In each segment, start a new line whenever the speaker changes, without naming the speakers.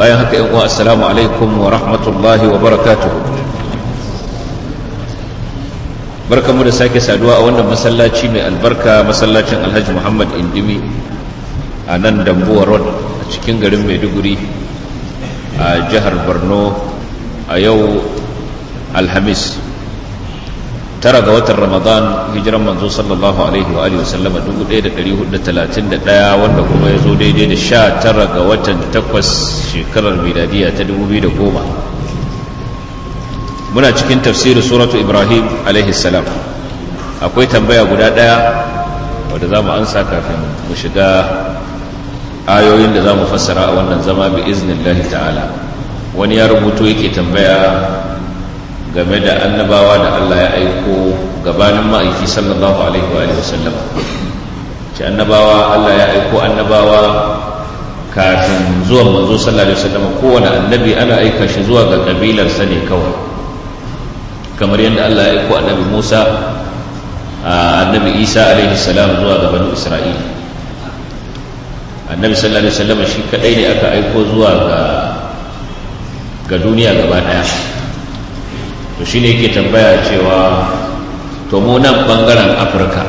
bayan haka yan uwa assalamu alaikum wa rahmatullahi wa barakatuh barkamu da sake saduwa a wannan masallaci mai albarka masallacin alhaji muhammad indimi a nan dambuwa road a cikin garin maiduguri a jihar borno a yau alhamis tara ga watan ramadan hijiran manzo sallallahu alaihi wa alihi wasallama 1431 wanda kuma ya zo daidai da sha tara ga watan takwas shekarar miladiya ta 2010 muna cikin tafsirin suratu ibrahim alaihi salam akwai tambaya guda daya wadda za mu ansa kafin mu shiga ayoyin da za mu fassara a wannan zama bi iznillahi ta'ala wani ya rubuto yake tambaya game da annabawa da Allah ya aiko gabanin ma'aiki sallallahu alaihi wa sallam ce annabawa Allah ya aiko annabawa kafin zuwan manzo sallallahu alaihi wa sallam kowane annabi ana aika shi zuwa ga kabilarsa ne kawai kamar yadda Allah ya aiko annabi Musa annabi Isa alaihi salam zuwa ga banu Isra'ila annabi sallallahu alaihi wa sallam shi kadai ne aka aiko zuwa ga ga duniya gaba daya to shi ne ke tambaya cewa to nan bangaren afirka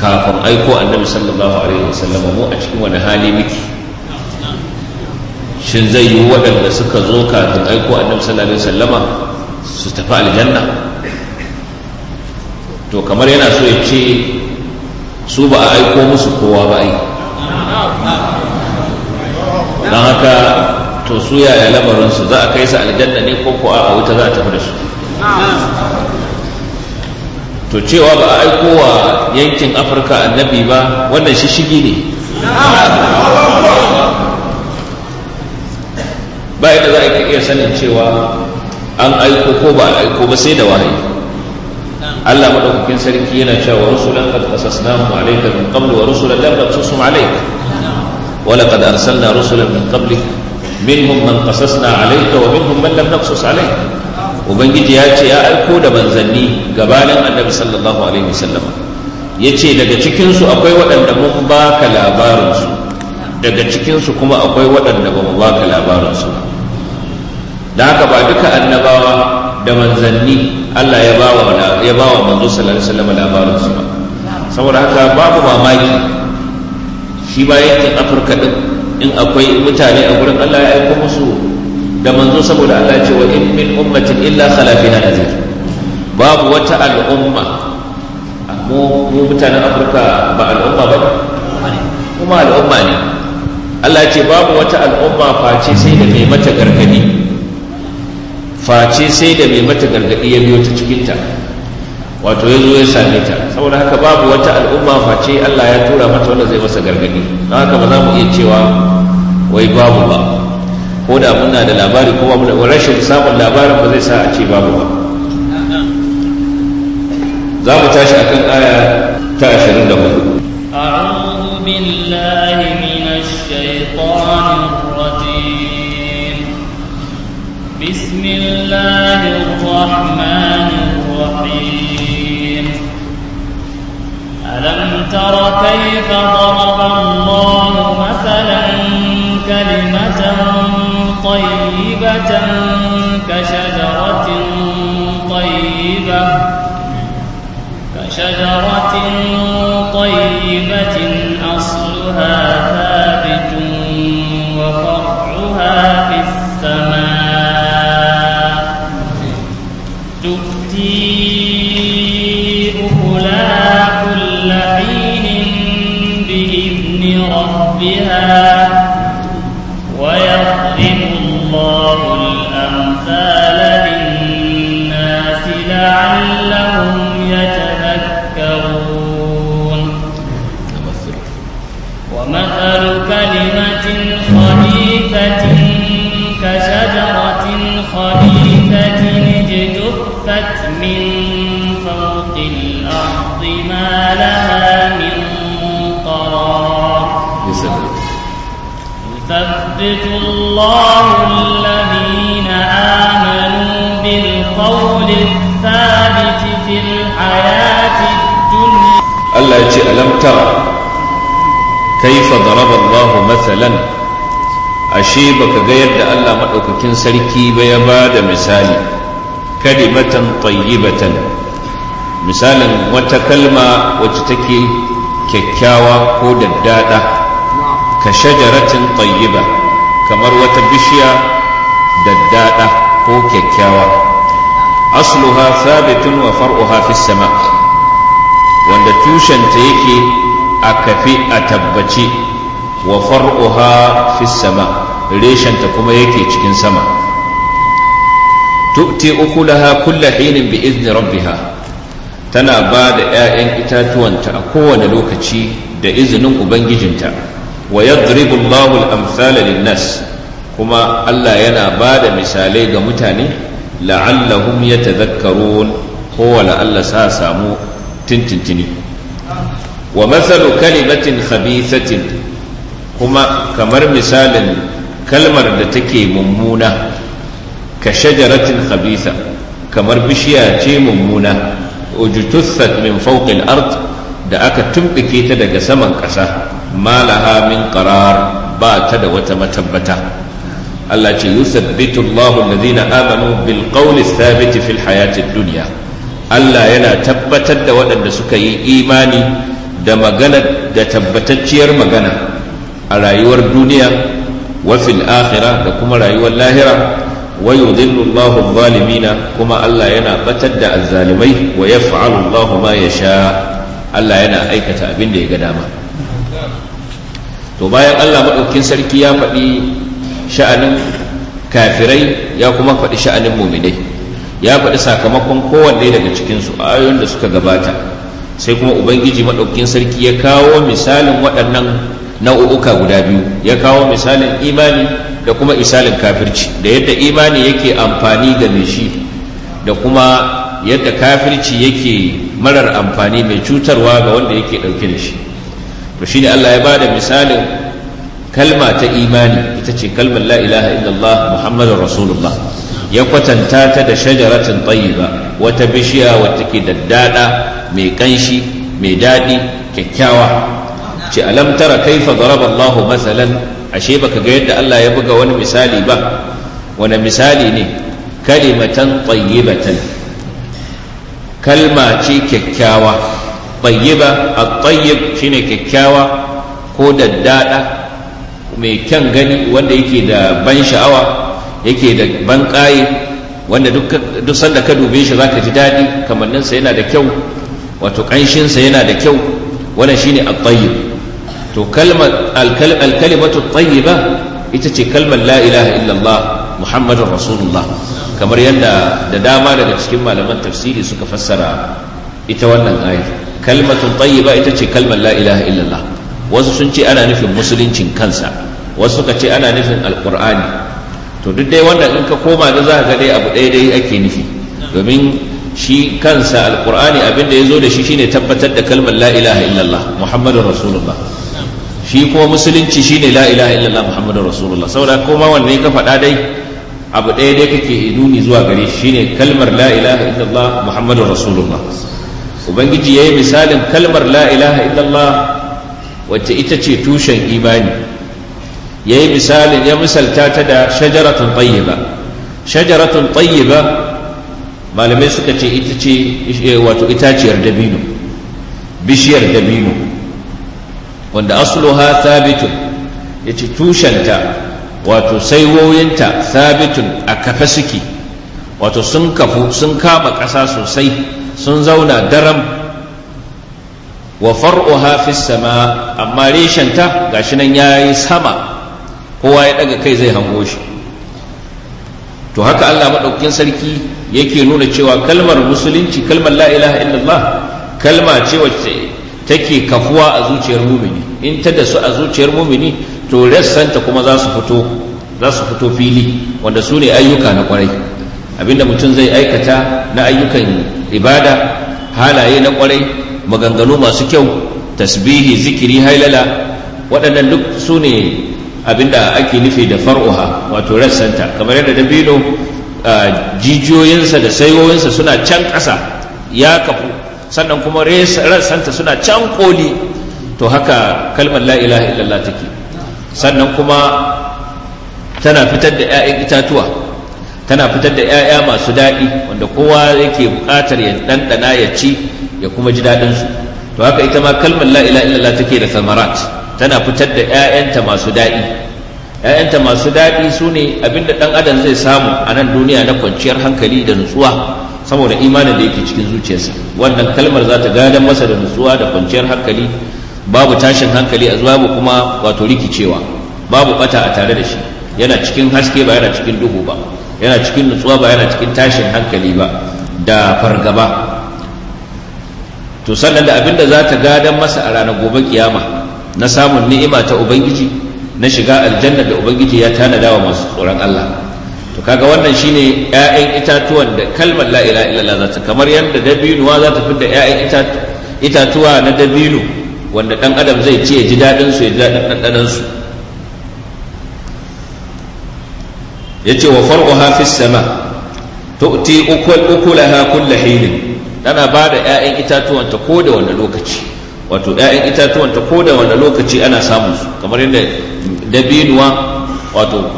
kafin aiko annabi sallallahu alaihi wasallam mu a cikin wani hali muke shin zai yi waɗanda suka zo kafin aiko annabi sallallahu alaihi wasallama su tafi aljanna to kamar yana so ya ce su ba a aiko musu kowa ba ai don haka to su yaya lamarinsu za a kai su aljanna ne ko kuwa a wuta za a tafi da su to cewa ba a aiko wa yankin afirka annabi ba wannan shi shigi ne ba yadda za a iya sanin cewa an aiko ko ba a aiko ba sai da wahayi Allah madaukakin sarki yana cewa wa rusulan qad qasasnahum alayka min qabl wa rusulan lam naqsusum alaik wa laqad arsalna rusulan min qablika minhum man qasasna alayka wa minhum man lam naqsus ubangiji ya ce ya aiko da manzanni gabanin annabi sallallahu alaihi wasallam yace daga cikin su akwai waɗanda mun baka labarin su daga cikin su kuma akwai waɗanda ba mu baka labarin su da haka ba duka annabawa da manzanni Allah ya bawa ya manzo sallallahu alaihi wasallam labarin su ba saboda haka babu mamaki shi ba yankin Afirka din in akwai mutane a gurin Allah ya aiko musu da manzo saboda Allah ya ce wa in min ummatin illa khalafina nazir babu wata al'umma mu mutanen Afirka ba al'umma ba kuma al'umma ne Allah ya ce babu wata al'umma face sai da mai mata gargadi face sai da mai mata gargadi ya biyo ta cikinta wato ya zo ya same ta saboda haka babu wata al'umma face Allah ya tura mata wanda zai masa gargadi don haka ba za mu iya cewa wai babu ba ko da muna da labari kuma muna rashin samun labarin ba zai sa a ce babu ba za mu tashi akan aya ta 24
أعوذ بسم الله الرحمن الرحيم ألم تر كيف ضرب الله مثلا كلمة طيبة كشجرة طيبة كشجرة طيبة أصلها بها يثبت الله الذين آمنوا بالقول الثابت في الحياة الدنيا
الله يجي ألم ترى كيف ضرب الله مثلا ashe baka ga yadda Allah maɗaukakin sarki ba ya ba da misali kalimatan tayyibatan misalin wata kalma wacce take kyakkyawa ko daddada ka shajaratin tayyiba kamar wata bishiya daddada ko kyakkyawa asluha thabitun wa far'uha fis sama wanda tushenta yake a kafi a tabbaci wa far'uha fis sama reshenta kuma yake cikin sama tu'ti ukulaha kulla hinin bi izni rabbiha tana ba da 'ya'yan itatuwanta a kowane lokaci da izinin ubangijinta wa yadribu Allahu al-amthala lin-nas kuma Allah yana ba da misalai ga mutane la'allahum yatadhakkarun ko wala Allah sa samu tintintini wa mathalu kalimatin khabithatin kuma kamar misalin kalmar da take mummuna ka shajaratin khabitha kamar bishiya ce mummuna ujtussat min fawqi Art da aka tumbike ta daga saman ƙasa malaha min qarar ba ta da wata matabbata Allah ce yusabbitu Allahu alladhina amanu bil qawli thabit fil hayati dunya Allah yana tabbatar da waɗanda suka yi imani da magana da tabbatacciyar magana a rayuwar duniya wa fil da kuma rayuwar lahira wa yudhillu kuma Allah yana batar da azzalimai wa yaf'alu Allahu ma sha Allah yana aikata abin da ya ga dama to bayan Allah maɗaukin sarki ya faɗi sha'anin kafirai ya kuma faɗi sha'anin muminai ya faɗi sakamakon kowanne daga cikinsu a ayoyin da suka gabata sai kuma ubangiji maɗaukin sarki ya kawo misalin waɗannan nau'uka guda biyu ya kawo misalin imani da kuma isalin kafirci da yadda imani yake amfani ga mai shi da kuma yadda kafirci yake marar amfani mai cutarwa ga wanda yake ɗauke da shi to ne Allah ya bada misalin kalma ta imani ita ce kalmar la ilaha illallah Muhammadun rasulullah ya kwatanta ta da shajaratin tayyiba wata bishiya wata ke daddada mai kanshi mai daɗi kyakkyawa ce alam tara kaifa daraba Allah masalan ashe baka ga yadda Allah ya buga wani misali ba wani misali ne kalimatan tayyibatan kalma ce kyakkyawa tayyiba at-tayyib shine kyakkyawa ko daddada mai kyan gani wanda yake da ban sha'awa yake da ban ƙaye wanda duk sanda ka dube shi zaka ji daɗi sa yana da kyau wato sa yana da kyau wannan shine at-tayyib to kalmar al-kalimatu tayyiba ita ce kalmar la ilaha illallah muhammadur rasulullah kamar yadda da dama daga cikin malaman tafsiri suka fassara ita wannan ayar kalmatun tayyiba ita ce kalmar la ilaha illallah wasu sun ce ana nufin musuluncin kansa wasu suka ce ana nufin alqur'ani to duk dai wanda in ka koma da za ka dai abu ɗaya dai ake nufi domin shi kansa alqur'ani abinda ya zo da shi shine tabbatar da kalmar la ilaha illallah muhammadur rasulullah shi kuma musulunci shine la ilaha illallah muhammadur rasulullah saboda koma wanda ka faɗa dai abu ɗaya dai kake nuni zuwa gare shi shine kalmar la ilaha illallah muhammadur rasulullah ubangiji ya yi misalin kalmar la ilaha illallah wacce ita ce tushen imani ya yi misalin ya misalta ta da shajaratun tayyiba shajaratun tayyiba malamai suka ce ita ce eh, wato itaciyar dabino bishiyar dabino wanda asluha thabitun ya ce tushenta wato saiwoyinta thabitun a kafe suke wato sun kafu sun kama ƙasa sosai sun zauna daram wa far'uha fi sama amma reshenta gashi nan yayi sama kowa ya daga kai zai hango shi to haka Allah maɗaukin sarki yake nuna cewa kalmar musulunci kalmar la ilaha illallah kalma ce wacce take kafuwa a zuciyar mumini in ta da su a zuciyar mumini to rassanta kuma za su fito za su fito fili wanda su ne ayyuka na kwarai abinda mutum zai aikata na ayyukan ibada halaye na kwarai maganganu masu kyau tasbihi zikiri hailala waɗannan duk su ne abinda ake nufi da far'uha wato rassanta kamar yadda dabino jijiyoyinsa da saiwoyinsa suna can ƙasa ya kafu sannan kuma rassanta suna can koli to haka kalmar la ilaha illallah take sannan kuma tana fitar da 'ya'yan itatuwa tana fitar da 'ya'ya masu daɗi wanda kowa yake buƙatar ya ɗanɗana ya ci ya kuma ji daɗin su to haka ita ma kalmar la ila illallah take da samarat tana fitar da 'ya'yanta masu daɗi 'ya'yanta masu daɗi su ne abinda ɗan adam zai samu a nan duniya na kwanciyar hankali da nutsuwa saboda imanin da yake cikin zuciyarsa wannan kalmar za ta gadon masa da nutsuwa da kwanciyar hankali babu tashin hankali a zuwa kuma wato rikicewa babu bata a tare da shi yana cikin haske ba yana cikin duhu ba yana cikin nutsuwa ba yana cikin tashin hankali ba da fargaba to sannan da abinda za ta gadan masa a ranar gobe kiyama na samun ni'ima ta ubangiji na shiga aljanna da ubangiji ya tanada wa masu tsoron Allah to kaga wannan shine ƴaƴan itatuwan da kalmar la ilaha illallah za ta kamar yadda dabinuwa za ta fitar da ƴaƴan itatuwa na dabino wanda dan adam zai ci ya ji daɗinsu su ya ji daɗin ɗanɗanan su yace wa far'uha fis sama tu'ti ukulaha kulla hilin tana ba da 'ya'yan itatuwanta ko da wanda lokaci wato 'ya'yan itatuwanta ko da wanda lokaci ana samun su kamar yadda dabinuwa wato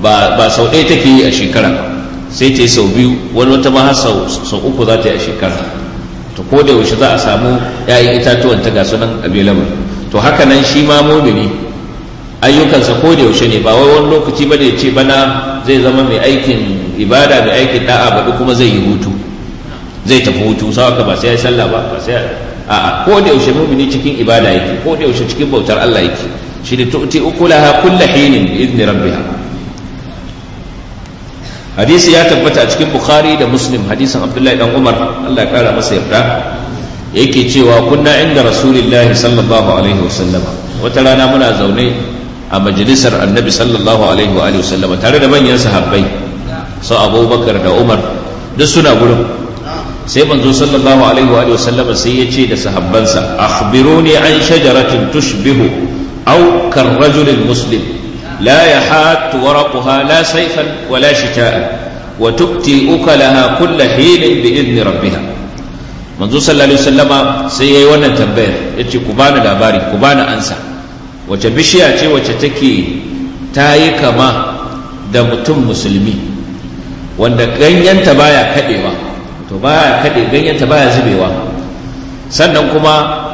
ba sau ɗaya take yi a shekara sai ta yi sau biyu wani wata ma sau uku za ta yi a shekara to ko da yaushe za a samu 'ya'yan ta ga sunan abilabar to haka nan shi ma mumini ayyukansa ko da yaushe ne ba wai wani lokaci ba da ya ce bana zai zama mai aikin ibada mai aikin da'a ba kuma zai yi hutu zai tafi hutu sawa ka ba sai ya sallah ba ba sai a'a ko da yaushe mumini cikin ibada yake ko da yaushe cikin bautar Allah yake shi da tu'ti ukulaha kullu hinin bi idni rabbiha hadisi ya tabbata a cikin bukhari da muslim hadisin abdullahi dan umar Allah ya kara masa yarda yake cewa kunna inda rasulillahi sallallahu alaihi wasallam wata rana muna zaune a majalisar annabi sallallahu alaihi wa sallama tare da manyan sahabbai su abubakar da umar duk suna gurin sai manzo sallallahu alaihi wa sallama sai ya ce da sahabbansa akhbiruni an shajaratin tushbihu aw karrajulin muslim la yahat waraquha la saifan wa la shitaa wa tubti ukalaha kulla hilin bi idni rabbiha manzo sallallahu alaihi wasallama sai yayi wannan tambayar yace ku bani labari ku bani ansa wace bishiya ce wace take ta yi kama da mutum musulmi wanda ganyenta baya kadewa to baya kade ganyenta baya zubewa sannan kuma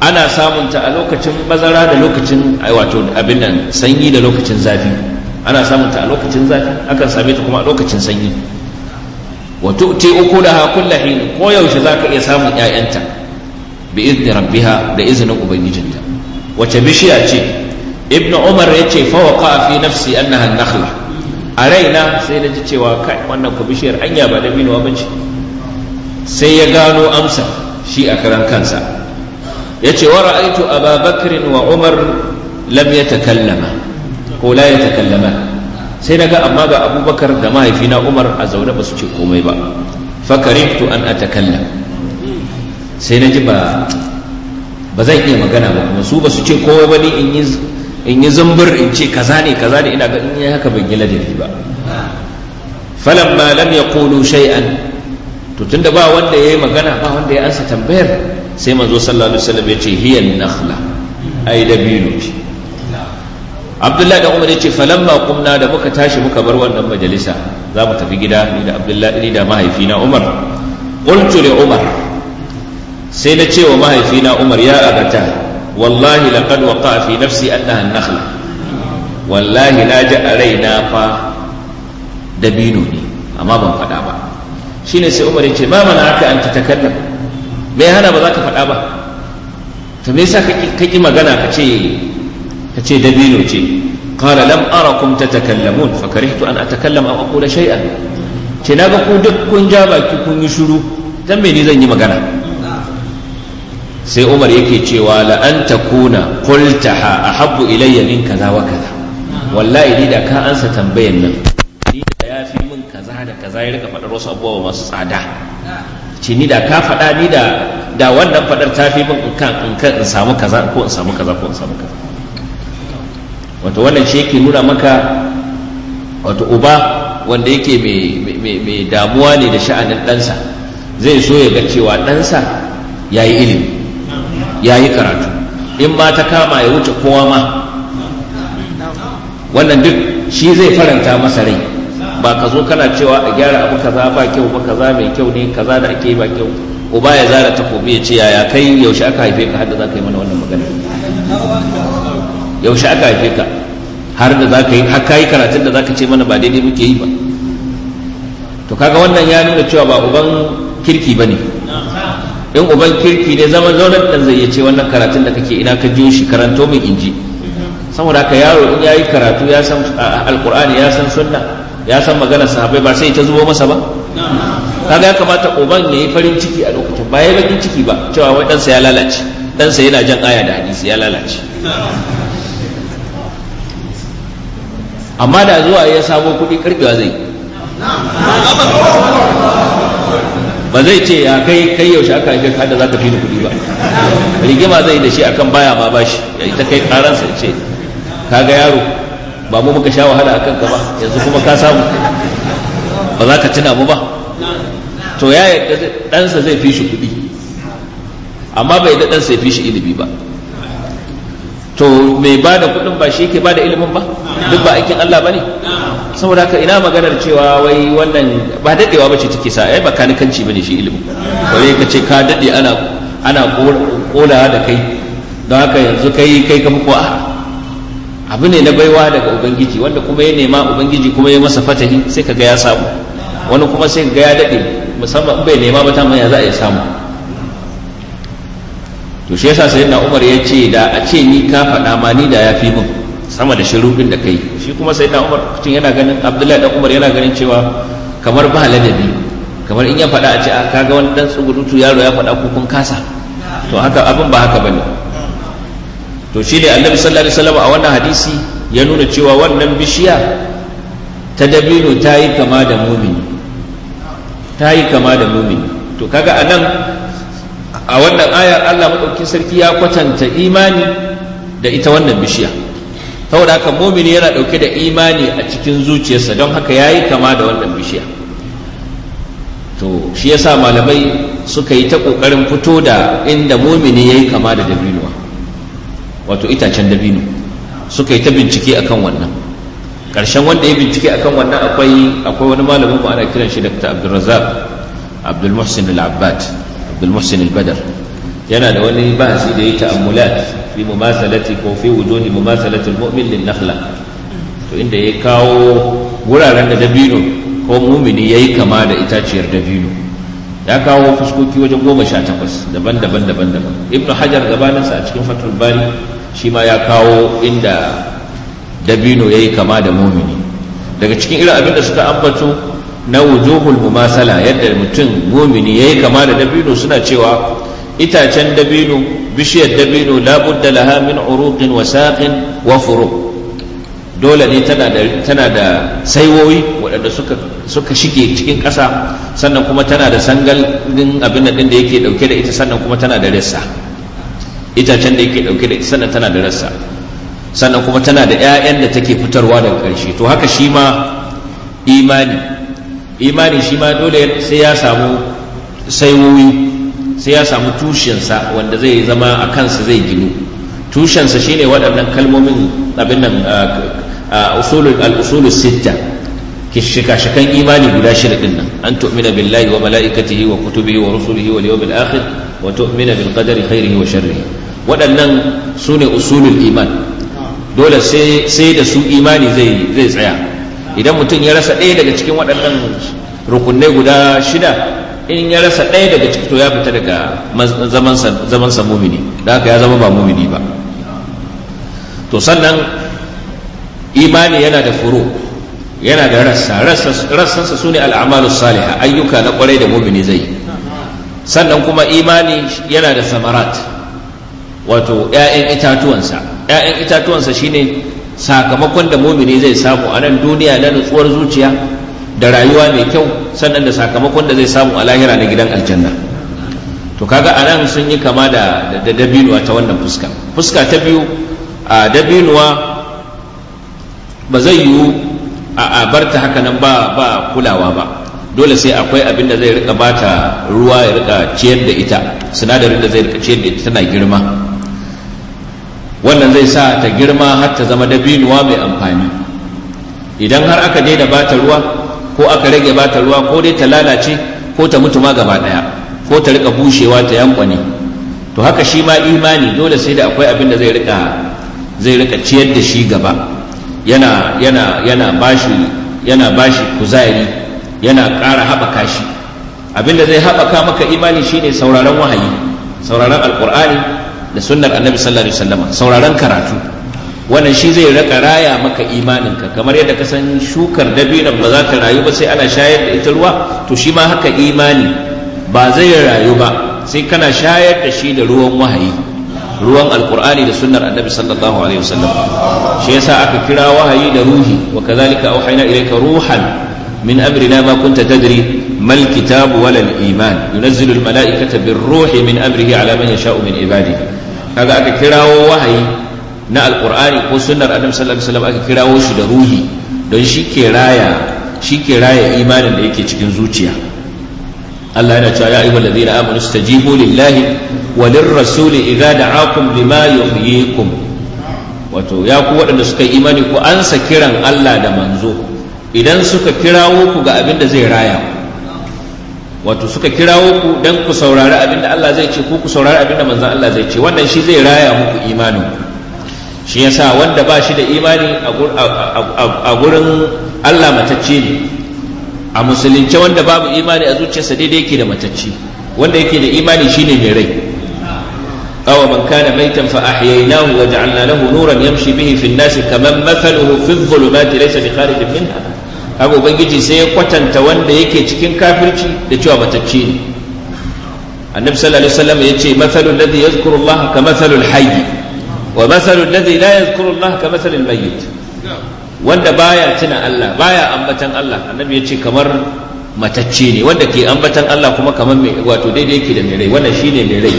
ana samunta a lokacin bazara da lokacin wato abin nan sanyi da lokacin zafi ana samunta a lokacin zafi akan same ta kuma a lokacin sanyi wato te uku da hakulla hin ko yaushe zaka iya samun ƴaƴanta bi idni rabbiha da izinin ubangijinta wace bishiya ce ibnu umar ya ce fa waqa fi nafsi annaha an-nakhla a raina sai na ji cewa kai wannan ku bishiyar hanya ba da dabino ba ce sai ya gano amsa shi a karan kansa ya ce wa ra'aitu ababakr wa umar lam yatakallama ko la yatakallama sai na ga amma ga abubakar da mahaifina umar a zaune ba su ce komai ba fakariftu an atakallam sai na ji ba ba zan iya magana ba kuma su ba su ce kowa ba ne in yi zumbur in ce kaza ne kaza ne ina ga ya yi haka ban yi ladabi ba falamma lam yaqulu shay'an to tunda ba wanda yi magana ba wanda ya ansa tambayar sai manzo sallallahu alaihi wasallam ya ce hiya nakhla ai dabino ce abdullahi da umar ya ce falamma kumna da muka tashi muka bar wannan majalisa za mu tafi gida ni da abdullahi ni da mahaifina umar qultu li umar sai na ce wa mahaifina umar ya abata wallahi laqad waqa fi nafsi annaha an-nakhla wallahi na ji a raina fa dabino ne amma ban faɗa ba shine sai umar ya ce ma mana haka an tatakallam me hana ba za ka faɗa ba to me yasa ka ki magana ka ce ka ce dabino ce qala lam arakum tatakallamun fa karihtu an atakallam aw aqula shay'an ce naga ku duk kun ja baki kun yi shiru dan me ni zan yi magana sai umar yake cewa la an ha a habu ilayya min kaza wa kaza wallahi ni da ka ansa tambayan nan ni da ya fi min kaza da kaza ya rika faɗar wasu abubuwa masu tsada ce ni da ka faɗa ni da da wannan faɗar ta fi min in kan in kan in samu kaza ko in samu kaza ko in samu kaza wato wannan shi yake nuna maka wato uba wanda yake mai damuwa ne da sha'anin ɗansa zai so ya ga cewa ɗansa ya yi ilimi ya yi karatu in ma ta kama ya wuce kowa ma wannan duk shi zai faranta masa rai ba ka zo kana cewa a gyara abu kaza ba kyau ba kaza mai kyau ne kaza da ake ba kyau uba ya zara takobi ya ce yaya kai yaushe aka haife ka har da za ka yi mana wannan magana yaushe aka haife ka har da za ka yi har yi karatun da za ka ce mana ba daidai muke yi ba to kaga wannan ya nuna cewa ba uban kirki ba ne in uban kirki ne zama zaunar dan zai ce wannan karatun da kake ina ka jiyo shi karanto min inji saboda haka yaro in yayi karatu ya san alkur'ani ya san sunna ya san magana sahabbai ba sai ta zubo masa ba kaga ya kamata uban ya yi farin ciki a lokacin ba ya bakin ciki ba cewa wai ɗansa ya lalace ɗansa yana jan aya da hadisi ya lalace amma da zuwa ya samo kuɗi karbewa zai ba zai ce ya kai kai yaushe aka haife ka da zaka fi ni kuɗi ba rigima zai da shi akan baya ma bashi ya ita kai sa ce kaga yaro ba mu muka sha wahala akan ka ba yanzu kuma ka samu ba za ka tuna mu ba to ya yadda ɗansa zai fi shi kuɗi amma bai da ɗansa ya fi shi ilimi ba to mai ba da kuɗin ba shi ke ba da ilimin ba duk ba aikin Allah ba ne saboda haka ina maganar cewa wai wannan ba daɗewa ba ce take sa ai ba kanikanci ba ne shi ilimin
wai
ka ce ka daɗe ana ana kola da kai don haka yanzu kai kai ka muku a abu ne na baiwa daga ubangiji wanda kuma ya nema ubangiji kuma ya masa fatahi sai ka ga ya samu wani kuma sai ka ga ya daɗe musamman bai nema ba ta ya za a yi samu to shi yasa sayyidina Umar ya ce da a ce ni ka faɗa ma ni da ya fi min sama da shirufin da kai shi kuma sayyidina Umar cikin yana ganin Abdullahi da Umar yana ganin cewa kamar ba ladabi kamar in ya faɗa a ce a ah, kaga wani dan tsugurutu yaro ya faɗa ko kun kasa to haka abin ba haka bane to shi ne annabi sallallahu alaihi wasallam a wannan hadisi ya nuna cewa wannan bishiya ta dabino ta yi kama da mumini ta yi kama da mumini to kaga anan a wannan ayar Allah maɗaukin sarki ya kwatanta imani da ita wannan bishiya saboda haka mumini yana ɗauke da imani a cikin zuciyarsa don haka ya yi kama da wannan bishiya to shi yasa malamai suka yi ta ƙoƙarin fito da inda mumini ya yi kama da dabinuwa wato itacen dabino suka yi ta bincike akan wannan ƙarshen wanda ya bincike akan wannan akwai akwai wani malamin ana kiran shi dr abdulrazak abdul muhsin al-abbad abdul muhsin badar yana da wani bahasi da ya ta'ammulat fi mumasalati ko fi wujuhi mumasalati al-mu'min lin to inda ya kawo wuraren da dabino ko mumini yayi kama da itaciyar dabino ya kawo fuskoki wajen goma sha takwas daban-daban daban-daban ibn hajar gabaninsa a cikin fatul bari ya kawo inda dabino ya yi kama da mumini daga cikin irin abin da suka ambato na wujuhul mumasala yadda mutum mumini yayi kama da dabino suna cewa itacen dabino bishiyar dabino labudda laha min uruqin wa saqin wa furuq dole ne tana da tana da saiwoyi waɗanda suka suka shige cikin ƙasa sannan kuma tana da sangal din abin nan da yake dauke da ita sannan kuma tana da rassa itacen da yake dauke da ita sannan tana da rassa sannan kuma tana da 'ya'yan da take fitarwa daga ƙarshe to haka shi ma imani imani shi ma dole sai ya samu saiwoyi sai ya samu tushensa wanda zai zama a kansa zai ginu tushensa shine waɗannan kalmomin abin nan al-usul sitta shika-shikan imani guda shida din nan an tu'mina billahi wa mala'ikatihi wa kutubihi wa rusulihi wal yawmil akhir wa tu'mina bil qadari khairihi wa sharrihi waɗannan sune usulul iman dole sai da su imani zai tsaya idan mutum ya rasa ɗaya daga cikin waɗannan rukunai guda shida in ya rasa ɗaya daga ciki to ya fita daga zaman sa mumini da haka ya zama ba mumini ba to sannan imani yana da furo yana da rassa rassansa su ne al'amalu saliha ayyuka na kwarai da mumini zai yi. sannan kuma imani yana da samarat wato ‘ya'yan itatuwansa ‘ya'yan itatuwansa shine sakamakon da mumini zai samu a nan duniya na nutsuwar zuciya da rayuwa mai kyau sannan da sakamakon da zai samu a lahira na gidan aljanna to kaga a nan sun yi kama da dabinuwa ta wannan fuska fuska ta biyu a dabinuwa ba zai yiwu a barta haka nan ba ba kulawa ba dole sai akwai abin da zai rika bata ruwa ya rika ciyar da ita sinadarin da zai rika ciyar da ita tana girma wannan zai sa ta girma har ta zama dabinuwa mai amfani idan har aka daina bata ruwa ko aka rage bata ruwa ko dai ta lalace ko ta mutu ma gaba daya ko ta rika bushewa ta yankwane to haka shi ma imani dole sai da akwai abin da zai rika zai rika ciyar da shi gaba yana yana yana bashi yana bashi kuzari yana ƙara haɓaka shi abin da zai haɓaka maka imani shine sauraron wahayi sauraron alƙur'ani da sunnar annabi sallallahu alaihi wasallam sauraron karatu wannan shi zai raka raya maka imaninka kamar yadda ka san shukar dabinan ba za ta rayu ba sai ana shayar da ita ruwa to shi ma haka imani ba zai rayu ba sai kana shayar da shi da ruwan wahayi ruwan alkur'ani da sunnar annabi sallallahu alaihi wasallam shi yasa aka kira wahayi da ruhi wa kadhalika auhayna ilayka ruhan min amrina ma kunta tadri mal kitabu wal iman yunazzilu al mala'ikata bir ruhi min amrihi ala man yasha'u min ibadihi kaga aka kirawo wahayi na alqur'ani ko sunnar annabi sallallahu alaihi aka kirawo shi da ruhi don shi ke raya shi ke raya imanin da yake cikin zuciya Allah yana cewa ya ayyuhal ladina amanu istajibu lillahi wa lirrasuli idza da'akum lima yuhyikum wato ya ku waɗanda suka yi imani ku ansa kiran Allah da manzo idan suka kirawo ku ga abin da zai raya ku wato suka kirawo ku dan ku saurari abinda Allah zai ce ku ku saurari abinda da Allah zai ce wannan shi zai raya muku imanin shi yasa wanda ba shi da imani a gurin Allah matacce ne a musulunce wanda babu imani a zuciyarsa daidai yake da matacce wanda yake da imani shine mai rai awa man kana maitan fa ahyaynahu wa ja'alna lahu nuran yamshi bihi fi an kaman mathaluhu fi adh-dhulumati laysa bi kharijin minha haka ubangiji sai ya kwatanta wanda yake cikin kafirci da cewa batacce ne annabi sallallahu alaihi wasallam yace mathalul ladhi yadhkuru Allah ka mathalul hayy wa mathalul ladhi la yadhkuru Allah ka mathalil mayyit wanda baya tuna Allah baya ambatan Allah annabi yace kamar matacce ne wanda ke ambatan Allah kuma kamar mai wato daidai yake da mai rai wannan shine mai rai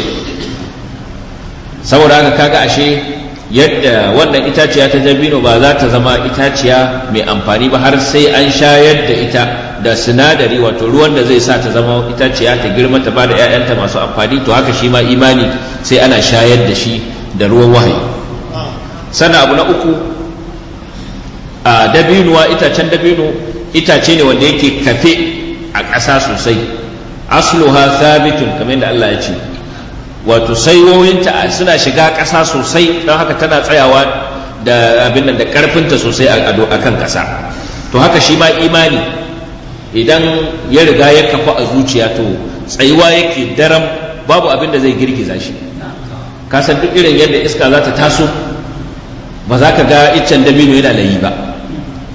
saboda haka kaga ashe yadda wannan itaciya ta dabino ba za ta zama itaciya mai amfani ba har sai an shayar da ita da sinadari wato ruwan da zai sa ta zama itaciya ta girma ta bada 'ya'yanta masu amfani to haka shi ma imani sai ana shayar da shi da ruwan wahayi sannan abu na uku a dabinuwa itacen dabino itace ne wanda yake kafe a ƙasa sosai asluha thabitun kamar yadda Allah ya ce wato saiwoyinta suna shiga ƙasa sosai don haka tana tsayawa da abin da ƙarfinta sosai a ado akan ƙasa to haka shi ma imani idan ya riga ya kafa a zuciya to tsayuwa yake daram babu abin da zai girgiza shi ka san duk irin yadda iska za ta taso ba za ka ga iccen dabino yana layi ba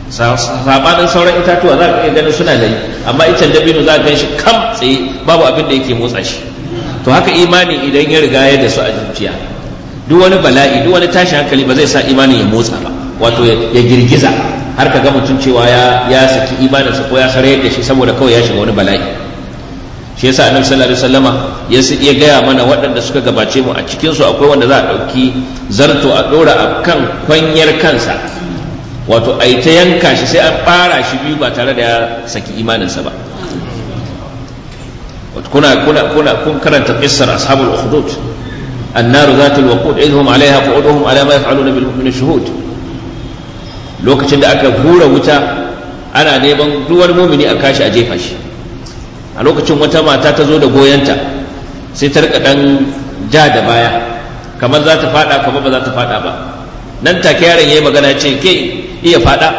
sabanin sauran itatuwa za ka iya ganin suna layi amma iccen dabino za ka gan kam tsaye babu abin da yake motsa shi to haka imani idan ya riga ya da su a zuciya duk wani bala'i duk wani tashin hankali ba zai sa imani ya motsa ba wato ya girgiza har ka ga mutum cewa ya ya saki sa ko ya sare da shi saboda kawai ya shiga wani bala'i shi yasa annabi sallallahu alaihi wasallama ya ya gaya mana waɗanda suka gabace mu a cikin su akwai wanda za a ɗauki zarto a ɗora a kan kwanyar kansa wato a ta yanka shi sai an ɓara shi biyu ba tare da ya saki imanin sa ba kuna kuna kuna kun karanta qissar ashabul ukhdud annaru zatul waqud idhum alaiha qu'uduhum ala ma yaf'aluna bil mu'minin shuhud lokacin da aka hura wuta ana neman duk mumini a kashi a jefa shi a lokacin wata mata ta zo da goyonta sai ta rika dan ja da baya kamar za ta fada kamar ba za ta fada ba nan take yaron yayi magana ce ke iya fada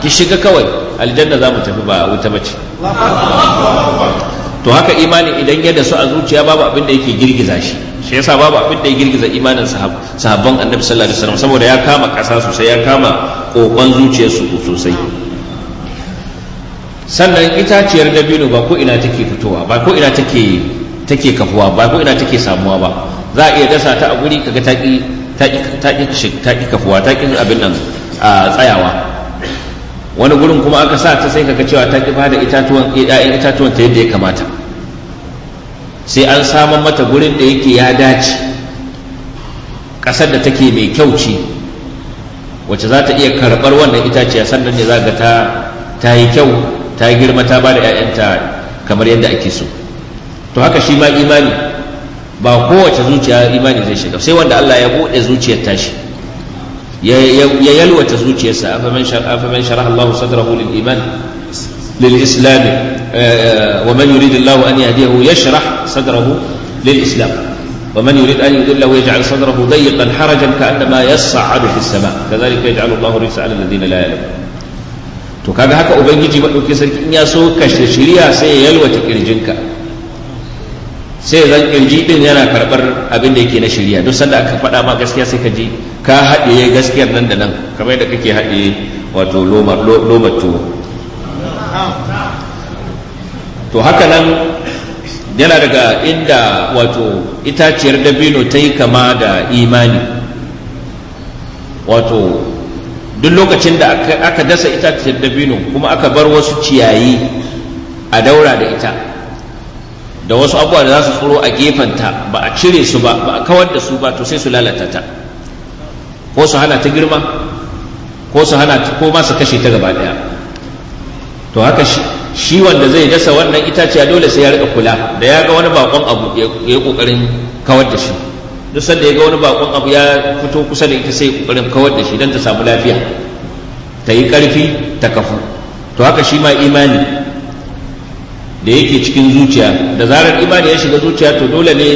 ki shiga kawai aljanna za mu tafi ba wuta bace to haka imani idan ya su a zuciya babu abin da yake girgiza shi shi yasa babu abin da ya girgiza imanin sahabban annabi sallallahu alaihi wasallam saboda ya kama kasa sosai ya kama kokon zuciyarsu sosai sannan itaciyar dabino ba ko ina take fitowa ba ko ina take take kafuwa ba ko ina take samuwa ba za a iya dasa ta a guri kaga ta ki ta ki kafuwa ta ki abin nan a tsayawa wani gurin kuma aka sa ta sai kaga cewa ta ki bada itatuwan ƴaƴan itatuwan ta yadda ya kamata sai an saman mata gurin da yake ya dace ƙasar da take mai kyau ce wacce za ta iya karɓar wannan itaciya sannan ne za ga ta yi kyau ta girma ta bada da ‘ya'yanta kamar yadda ake so to haka shi ma imani ba kowace zuciya imani zai shiga sai wanda Allah ya buɗe zuciyar tashi يا يلوى تزوج يسا أفمن شرح, أفمن شرح الله صدره للإيمان للإسلام آه، آه، ومن يريد الله أن يهديه يشرح صدره للإسلام ومن يريد أن يدله يجعل صدره ضيقا حرجا كأنما يصعد في السماء كذلك يجعل الله رجس على الذين لا يعلمون تو هكا أبنجي جيبا نوكي سيكي نياسو كشتشريا سيالوة كرجنكا sai zan kirji din yana karbar abin da yake na shirya duk sanda aka faɗa ma gaskiya sai ka ji ka haɗiye gaskiyar nan da nan kamar yadda kake haɗiye wato lomar lomar tuwo to haka nan yana daga inda wato itaciyar dabino ta yi kama da imani wato duk lokacin da aka dasa itaciyar dabino kuma aka bar wasu ciyayi a daura da ita da wasu abubuwa da za su tsoro a gefenta ba a cire su ba ba a kawar da su ba to sai su lalata ta ko su hana ta girma ko su hana ko ma su kashe ta gaba daya to haka shi wanda zai dasa wannan itaciya dole sai ya rika kula da ya ga wani bakon abu ya yi kokarin kawar da shi duk sanda ya ga wani bakon abu ya fito kusa da ita sai ya kokarin kawar da shi don ta samu lafiya ta yi karfi ta kafu to haka shi ma imani da yake cikin zuciya da zarar imani ya shiga zuciya to dole ne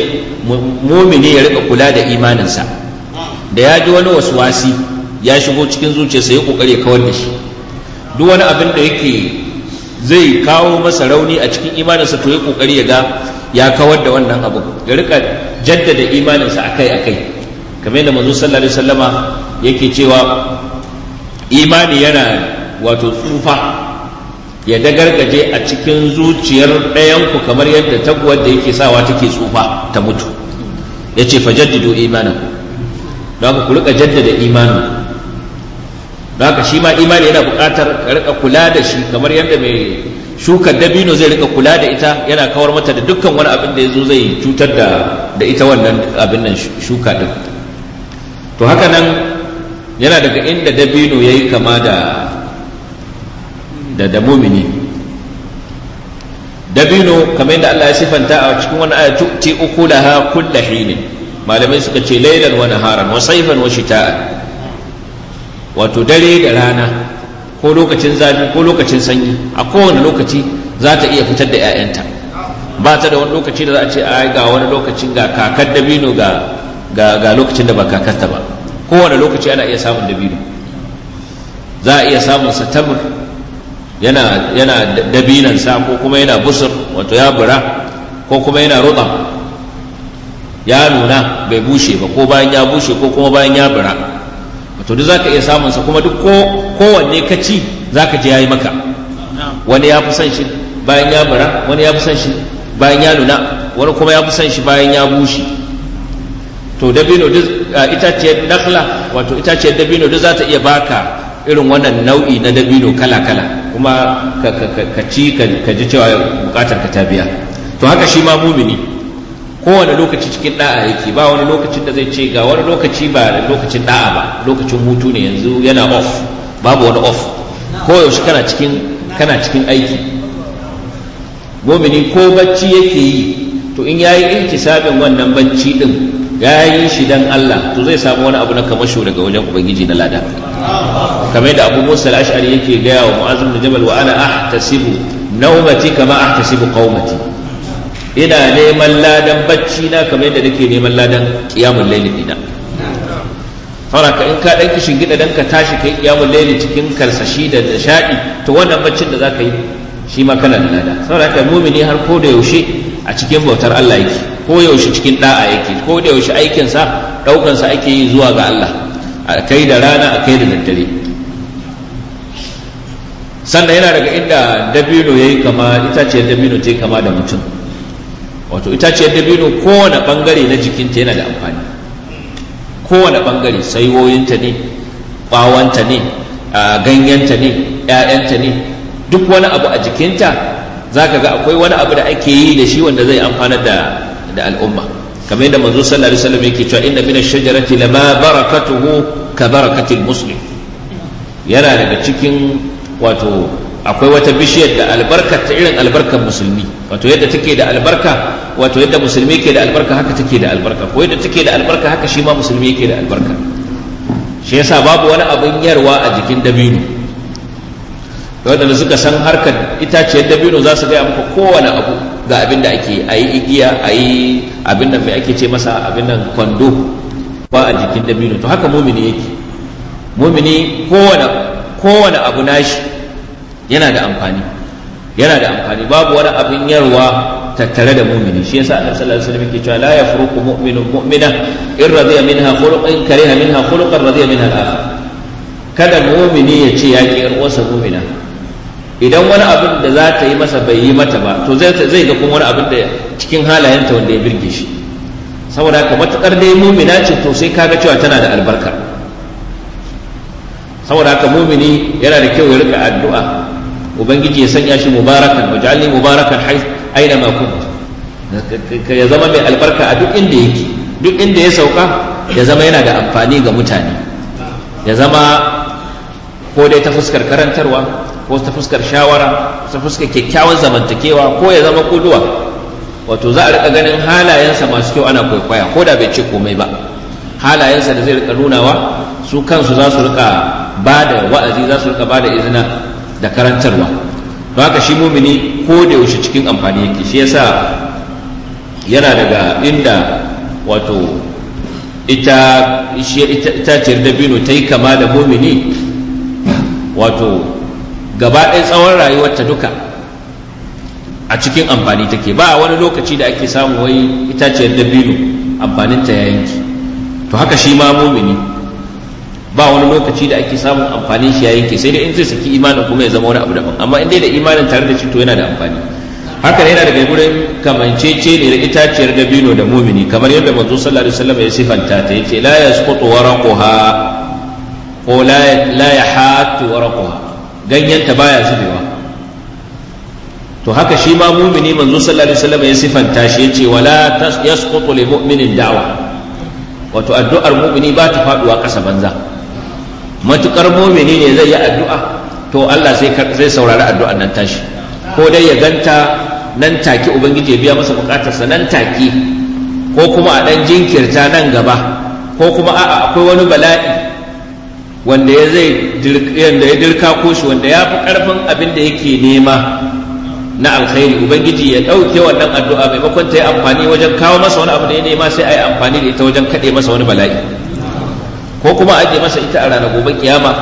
mumini ya rika kula da imaninsa da ya ji wani waswasi ya shigo cikin zuciyarsa ya kokari ya kawar da shi duk wani abin da yake zai kawo masa rauni a cikin imaninsa to ya kokari ya ga ya kawar da wannan abu ya rika jaddada imaninsa akai akai kamar yadda manzo sallallahu alaihi wasallama yake cewa imani yana wato tsufa ya dagargaje a cikin zuciyar ɗayanku kamar yadda taguwar da yake sawa take tsufa ta mutu ya ce fajaddidu imanin. don haka ku rika jaddada imanin don haka shi ma imani yana buƙatar ka rika kula da shi kamar yadda mai shuka dabino zai rika kula da ita yana kawar mata da dukkan wani abin da ya zai cutar da da ita wannan abin nan shuka din to haka nan yana daga inda dabino yayi kama da da da mumini dabino kamar yadda Allah ya sifanta a cikin wani aya tu'ti ukulaha kulla hinin malamai suka ce lailan wa naharan wa saifan wa shita'a wato dare da rana ko lokacin zafi ko lokacin sanyi a kowane lokaci za ta iya fitar da 'ya'yanta ba ta da wani lokaci da za a ce a ga wani lokacin ga kakar dabino ga ga lokacin da ba ta ba kowane lokaci ana iya samun dabino za a iya samun satamur yana yana dabinan sa ko kuma yana busur wato ya bura ko kuma yana ruɗa ya nuna bai bushe ba ko bayan ya bushe ko kuma bayan ya bura wato duk zaka iya samun sa kuma duk kowanne ka ci zaka ji yayi maka wani ya fi son shi bayan ya bura wani ya fi son shi bayan ya nuna wani kuma ya fi son shi bayan ya bushe to dabino duk itaciyar nakhla wato itaciyar dabino duk za ta iya baka irin wannan nau'i na dabino kala-kala kuma ka ci ka ji cewa bukatar ka ta biya to haka shi ma mumini kowane lokaci cikin da'a yake ba wani lokacin da zai ce ga wani lokaci ba lokacin da'a ba lokacin hutu ne yanzu yana off babu wani off yaushe kana cikin kana cikin aiki mumini ko bacci yake yi to in yayi sabin wannan bacci din ya yi shi dan Allah to zai samu wani abu na kamasho daga wajen ubangiji na lada kamar da abu musa al-ash'ari yake gaya wa mu'azzim bin jabal wa ana ahtasibu nawmati kama ahtasibu qaumati ina neman ladan bacci na kamar yadda nake neman ladan qiyamul layl dina faraka in ka dan kishin gida dan ka tashi kai qiyamul layl cikin karsashi da nishadi to wannan baccin da zaka yi shi ma kana da lada saboda haka mu'mini har ko da yaushe a cikin bautar Allah yake ko yaushe cikin da'a yake ko da yaushe aikin sa daukan sa ake yi zuwa ga Allah a kai da rana a kai da daddare sannan yana daga inda dabino yayi kama itaciyar dabino ce kama da mutum wato itaciyar dabino kowane bangare na jikinta yana da amfani kowane bangare saiwoyinta ne kwawanta ne ganyenta ne 'ya'yanta ne duk wani abu a jikinta zaka ga akwai wani abu da ake yi da shi wanda zai amfanar da da al'umma kamar yadda manzo sallallahu alaihi wasallam yake cewa inna min ash-shajarati lama barakatuhu ka barakatil muslim yana daga cikin wato akwai wata bishiyar da albarka ta irin albarkar musulmi wato yadda take da albarka wato yadda musulmi ke da albarka haka take da albarka ko yadda take da albarka haka shi ma musulmi yake da albarka shi yasa babu wani abin yarwa a jikin dabino waɗanda suka san harkar itaciyar dabino za su gaya muku kowane abu ga abin da ake a yi igiya a yi abin da mai ake ce masa abin nan kwando ba a jikin dabino to haka mumini yake mumini kowane abu nashi yana da amfani yana da amfani babu wani abin yarwa tattare da mumini shi yasa annabi sallallahu alaihi wasallam yake cewa la yafruqu mu'minu mu'mina in radiya minha khuluqan kariha minha khuluqan radiya minha al-akhar kada mumini ya ce ya ki yarwarsa mumina idan wani abin da za ta yi masa bai yi mata ba to zai ga kuma wani abin da cikin halayenta wanda ya birge shi saboda haka matukar dai mumina ce to sai kaga cewa tana da albarka saboda haka mumini yana da kyau ya rika addu'a ubangiji ya sanya shi mubarakan waj'alni mubarakan aina ma kunt ya zama mai albarka a duk inda yake duk inda ya sauka ya zama yana da amfani ga mutane ya zama ko dai ta fuskar karantarwa ko ta fuskar shawara ta fuskar kyakkyawan zamantakewa ko ya zama kuduwa wato za a rika ganin halayensa masu kyau ana kwaikwaya ko da bai ce komai ba halayensa da zai rika nunawa su kansu za su rika ba da wa'azi za su rika ba da izina da karantarwa don haka shi mumini ko da yaushe cikin amfani yake shi yasa yana daga inda wato ita itaciyar dabino ta yi kama da mumini wato gaba ɗaya tsawon rayuwarta duka a cikin amfani take ba wani lokaci da ake samu wai itaciyar dabino amfaninta ya yanki to haka shi ma mumini ba wani lokaci da ake samun amfanin shi ya yanke sai dai in zai saki imanin kuma ya zama wani abu daban amma in dai da imanin tare da shi to yana da amfani haka yana daga gurin kamancece ne da itaciyar dabino da mumini kamar yadda manzo sallallahu alaihi wasallam ya sifanta ta yace la yasqutu waraquha ko la yahatu waraquha ganyenta baya zubewa to haka shi ma mumini manzo sallallahu alaihi wasallam ya sifanta shi yace wala yasqutu lil mu'minin da'wa wato addu'ar mumini ba ta faduwa kasa banza matukar mumini ne zai yi addu'a to Allah sai zai saurari addu'ar nan tashi ko dai ya ganta nan take ubangiji ya biya masa bukatarsa nan take ko kuma a dan jinkirta nan gaba ko kuma a'a akwai wani bala'i wanda ya zai yanda ya dirka ko shi wanda ya fi karfin abin da yake nema na alkhairi ubangiji ya dauke wannan addu'a maimakon ta yi amfani wajen kawo masa wani abu da ya nema sai a yi amfani da ita wajen kaɗe masa wani bala'i ko kuma aje masa ita a ranar gobe kiyama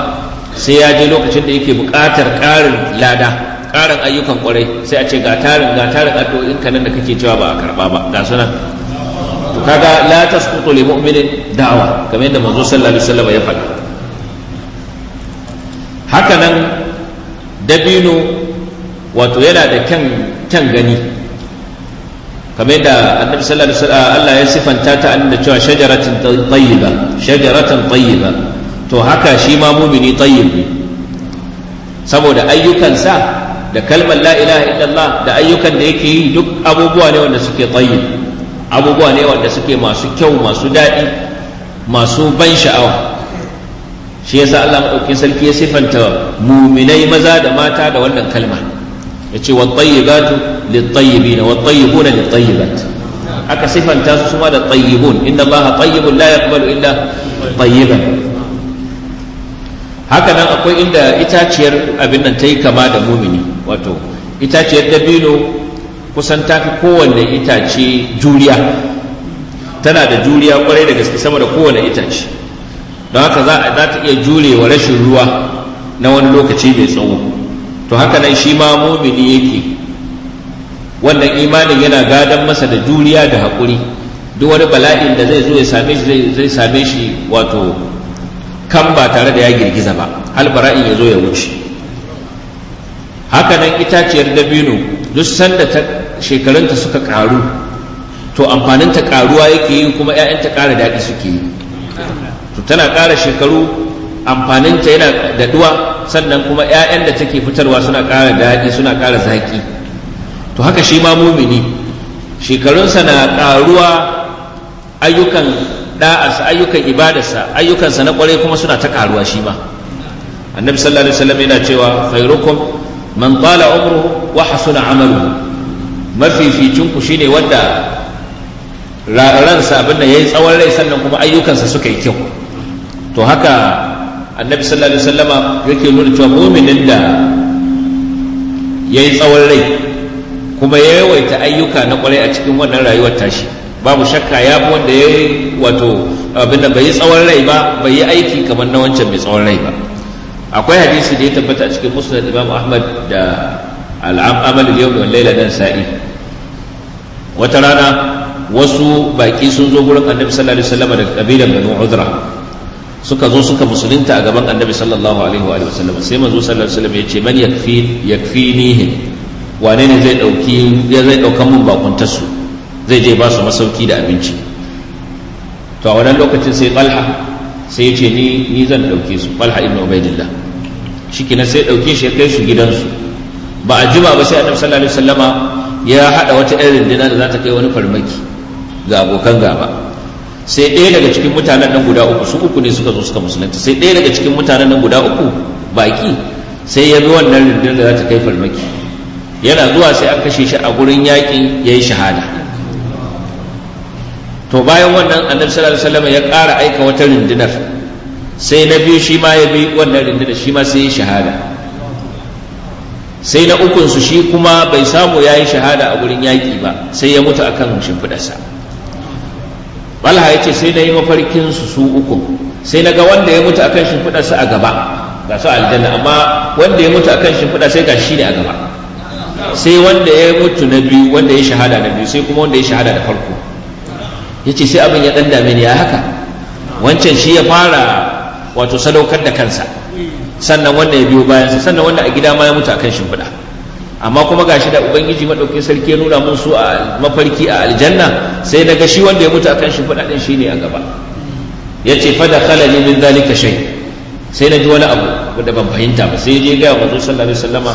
sai ya je lokacin da yake buƙatar ƙarin lada ƙarin ayyukan kwarai sai a ce ga tarin ga tarin addu'o'in ka nan da kake cewa ba a karba ba ga sunan to kaga la tasqutu lil mu'minin da'wa kamar yadda manzo sallallahu alaihi wasallam ya faɗa hakanan dabino wato yana da kyan gani kamar da annabi sallallahu alaihi wasallam Allah ya sifanta ta da cewa shajaratin tayyiba shajaratan tayyiba to haka shi ma mumini tayyib ne saboda ayyukansa da kalmar la ilaha illallah da ayyukan da yake yi duk abubuwa ne wanda suke tayyib abubuwa ne wanda suke masu kyau masu daɗi masu ban sha'awa shi yasa Allah madaukakin sarki ya sifanta muminai maza da mata da wannan kalma yace wat tayyibatu lit tayyibin wat tayyibuna lit tayyibat aka sifanta su suma da tayyibun inna Allah tayyibun la yaqbalu illa tayyiban haka nan akwai inda itaciyar abin nan ta yi kama da mumini wato itaciyar dabino kusan ta fi kowanne itace juriya tana da juriya kwarai da gaske sama da kowane itace don haka za ta iya jurewa rashin ruwa na wani lokaci mai tsawo to haka nan shi ma mumini yake wannan imanin yana gadon masa da juriya da haƙuri duk wani bala'in da zai zo ya same shi zai same shi wato kan ba tare da ya girgiza ba hal bara'in ya zo ya wuce haka nan itaciyar dabino duk sanda ta shekarunta suka ƙaru to amfaninta ƙaruwa yake yi kuma 'ya'yanta ƙara daɗi suke yi to tana ƙara shekaru amfaninta yana daɗuwa sannan kuma 'ya'yan da take fitarwa suna ƙara daɗi suna ƙara zaƙi to haka shi ma mumini shekarunsa na ƙaruwa ayyukan da'arsa ayyukan ibadarsa ayyukansa na ƙwarai kuma suna ta ƙaruwa shi ma annabi sallallahu alaihi wasallam yana cewa fayrukum man tala umruhu wa hasuna amaluhu mafificin ku shine wanda ransa abin da ya yi tsawon rai sannan kuma ayyukansa suka yi kyau to haka annabi sallallahu alaihi wasallama yake nuna cewa muminin da ya yi tsawon rai kuma ya yawaita ayyuka na kwarai a cikin wannan rayuwar tashi babu shakka ya fi wanda ya yi wato abin da bai yi tsawon rai ba bai yi aiki kamar na wancan mai tsawon rai ba akwai hadisi da ya tabbata a cikin musulun imam ahmad da al'am amal yau da laila dan sa'i wata rana wasu baƙi sun zo gurin annabi sallallahu alaihi wasallam da kabilan banu udra suka zo suka musulunta a gaban annabi sallallahu alaihi wa sallam sai manzo sallallahu alaihi wasallam ya ce man yakfi yakfinihin wane ne zai dauki ya zai daukan mun bakuntar su zai je ba su masauki da abinci to a wannan lokacin sai talha sai ya ce ni ni zan dauke su talha ibn ubaidillah shikenan sai dauke shi ya kai su gidansu ba a jima ba sai annabi sallallahu alaihi wasallama ya hada wata irin dina da za ta kai wani farmaki ga abokan gaba sai ɗaya daga cikin mutanen nan guda uku su uku ne suka zo suka musulunta sai ɗaya daga cikin mutanen nan guda uku baki sai ya bi wannan rindin da za ta kai farmaki yana zuwa sai an kashe shi a gurin yaƙi ya yi shahada to bayan wannan annabi sallallahu alaihi wasallam ya ƙara aika wata rundunar sai na biyu shi ma ya bi wannan rundunar shi ma sai ya shahada sai na su shi kuma bai samu ya yi shahada a gurin yaƙi ba sai ya mutu akan shimfiɗarsa talha ya ce sai na yi mafarkin su su uku sai na ga wanda ya mutu akan shimfiɗarsa a gaba ga su aljanna amma wanda ya mutu akan shimfiɗa sai ga shi ne a gaba sai wanda ya mutu na biyu wanda ya shahada na biyu sai kuma wanda ya shahada da farko ya ce sai abin ya ɗan dame ni ya haka wancan shi ya fara wato sadaukar da kansa sannan wanda ya biyo bayansa sannan wanda a gida ma ya mutu akan shimfiɗa amma kuma gashi da ubangiji maɗauki sarki ya nuna mun su a mafarki a aljanna sai daga shi wanda ya mutu akan shi fada din shine a gaba yace fa da ne min zalika shay sai naji wani abu da ban fahimta ba sai je ga manzo sallallahu alaihi wasallama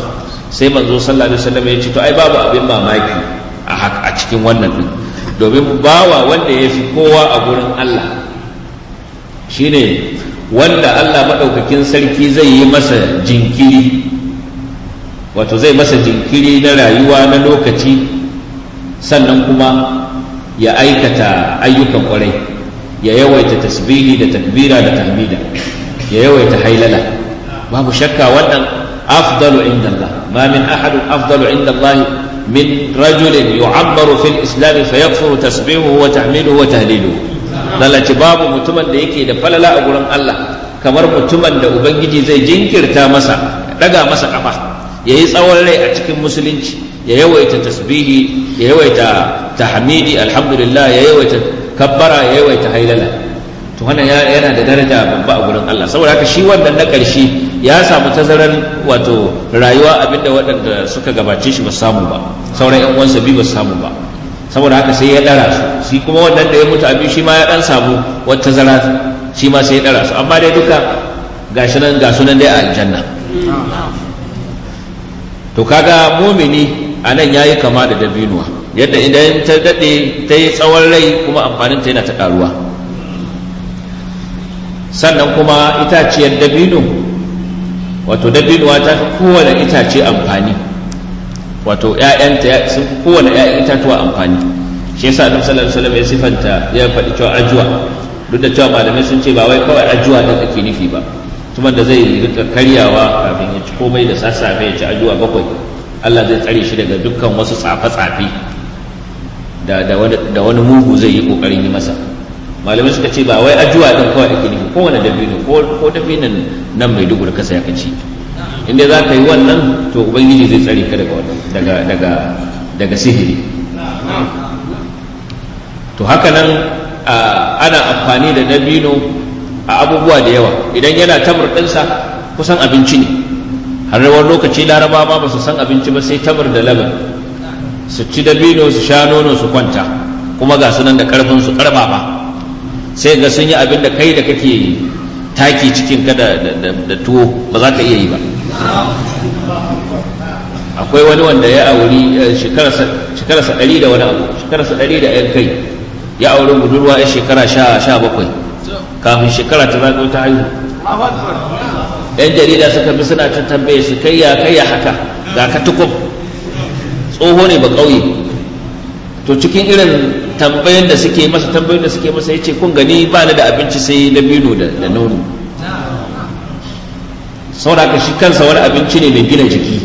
sai manzo sallallahu alaihi wasallama ya ce to ai babu abin mamaki a a cikin wannan din domin bawa wanda ya fi kowa a gurin Allah shine wanda Allah madaukakin sarki zai yi masa jinkiri wato zai masa jinkiri na rayuwa na lokaci sannan kuma ya aikata ayyukan kwarai ya yawaita tasbihi da takbira da tahmida ya yawaita hailala babu shakka wannan afdalu inda Allah ma min ahadun afdalu inda Allah min rajulin yu'ammaru fil islam fa yakfuru tasbihuhu wa tahmiduhu wa tahliluhu lalace babu mutumin da yake da falala a gurin Allah kamar mutumin da ubangiji zai jinkirta masa daga masa kafa yayi tsawon rai a cikin musulunci ya yawaita tasbihi ya yawaita tahmidi alhamdulillah ya yawaita kabbara ya yawaita hailala to wannan yana da daraja babba a gurin Allah saboda haka shi wannan na ƙarshe ya samu tazarar wato rayuwa abinda waɗanda suka gabace shi ba samu ba sauran yan uwansa bi ba samu ba saboda haka sai ya ɗara su shi kuma wannan da ya mutu abin shi ma ya ɗan samu wata tazara shi ma sai ya ɗara su amma dai duka gashi nan ga sunan dai a aljanna to kaga mumini a nan ya yi kama da dabinuwa yadda idan ta daɗe ta yi tsawon rai kuma amfaninta yana ta ƙaruwa sannan kuma itaciyar dabino wato dabinuwa ta fi kowane itace amfani wato ‘ya'yanta sun fi kowane ‘ya'yan itatuwa amfani shi yasa annabi sallallahu alaihi wasallam ya sifanta ya faɗi cewa ajuwa duk da cewa malamai sun ce ba wai kawai ajuwa da ake nufi ba mutumin da zai rika karyawa kafin ya ci komai da sassafe ya ci addu'a bakwai Allah zai tsare shi daga dukkan wasu tsafe-tsafe da wani mugu zai yi kokarin yi masa malamai suka ce ba wai addu'a din kawai ake nufi ko wani dabino ko dabinin nan mai dubu da kasa ya kaci inda za ka yi wannan to ubangiji zai tsare ka daga daga daga sihiri to haka nan ana amfani da dabino a abubuwa da yawa idan yana tamar ɗinsa kusan abinci ne har wani lokaci laraba ma ba su san abinci ba sai tamar da laban su ci dabino su sha nono su kwanta kuma ga sunan da karfin su karba ba sai ga sun yi abin da kai da kake yi taki cikin ka da tuwo ba za ka iya yi ba akwai wani wanda ya auri eh, shekararsa ɗari da wani abu shekararsa ɗari da yan kai ya auri budurwa ya shekara sha bakwai kafin shekara ta zagayo ta haihu yan jarida suka fi suna ta tambaye shi kai ya kai ya haka ga ka tukum tsoho ne ba ƙauye to cikin irin tambayan da suke masa tambayoyin da suke masa ya ce, kun gani ba ni da abinci sai dabino da da nono saboda shi kansa wani abinci ne mai gina jiki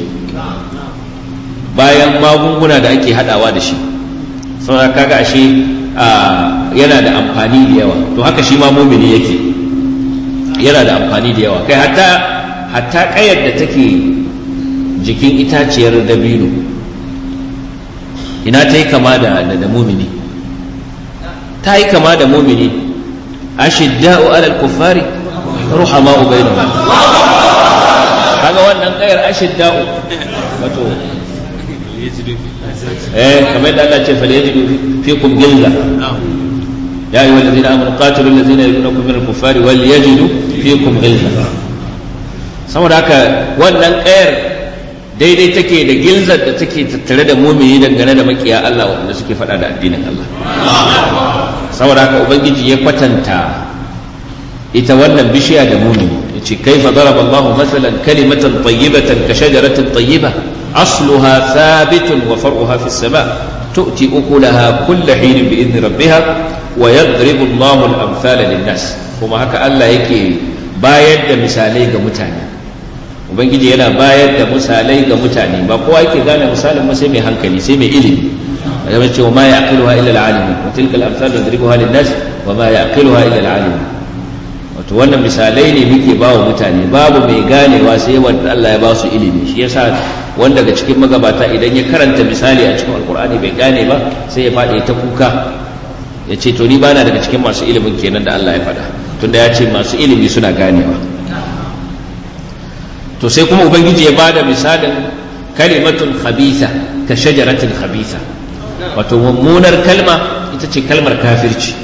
bayan magunguna da ake hadawa da shi saboda kaga ashe yana da amfani da yawa to haka shi ma mumini yake yana da amfani da yawa kai hatta hatta kayar da take jikin itaciyar dabino ina ta yi kama da da mumini ta yi kama da mumini ashidda'u alal kuffari ruhama'u bainahum kaga wannan kayar ashidda'u wato eh kamar da Allah ce fa yajidu fikum gilla ya ayyuha allazina amanu qatilu allazina min al-kuffari wal yajidu fikum gilla saboda haka wannan kayar daidai take da gilzar da take tattare da mumini dangane da makiya Allah wanda suke faɗa da addinin Allah saboda haka ubangiji ya kwatanta ita wannan bishiya da mumini yace kaifa daraba masalan kalimatan tayyibatan ka shajaratin tayyiba asluha thabitun wa far'uha fi sama tu'ti ukulaha kulla hinin bi idni rabbiha wa yadribu Allahu al-amthala lin-nas kuma haka Allah yake bayar da misalai ga mutane ubangiji yana bayar da misalai ga mutane ba kowa yake gane misalin ba sai mai hankali sai mai ilimi zama cewa ma ya aqiluha ma ya wato wannan misalai ne muke bawa mutane babu mai ganewa sai wanda Allah ya ba su ilimi shi yasa wanda daga cikin magabata idan ya karanta misali a cikin alkur'ani bai gane ba sai ya faɗi ta kuka ya ce to ni ba na daga cikin masu ilimin kenan da Allah ya faɗa tunda ya ce masu ilimi suna ganewa to sai kuma ubangiji ya bada misalin kalimatun khabitha ka shajaratin khabitha wato mummunar kalma ita ce kalmar kafirci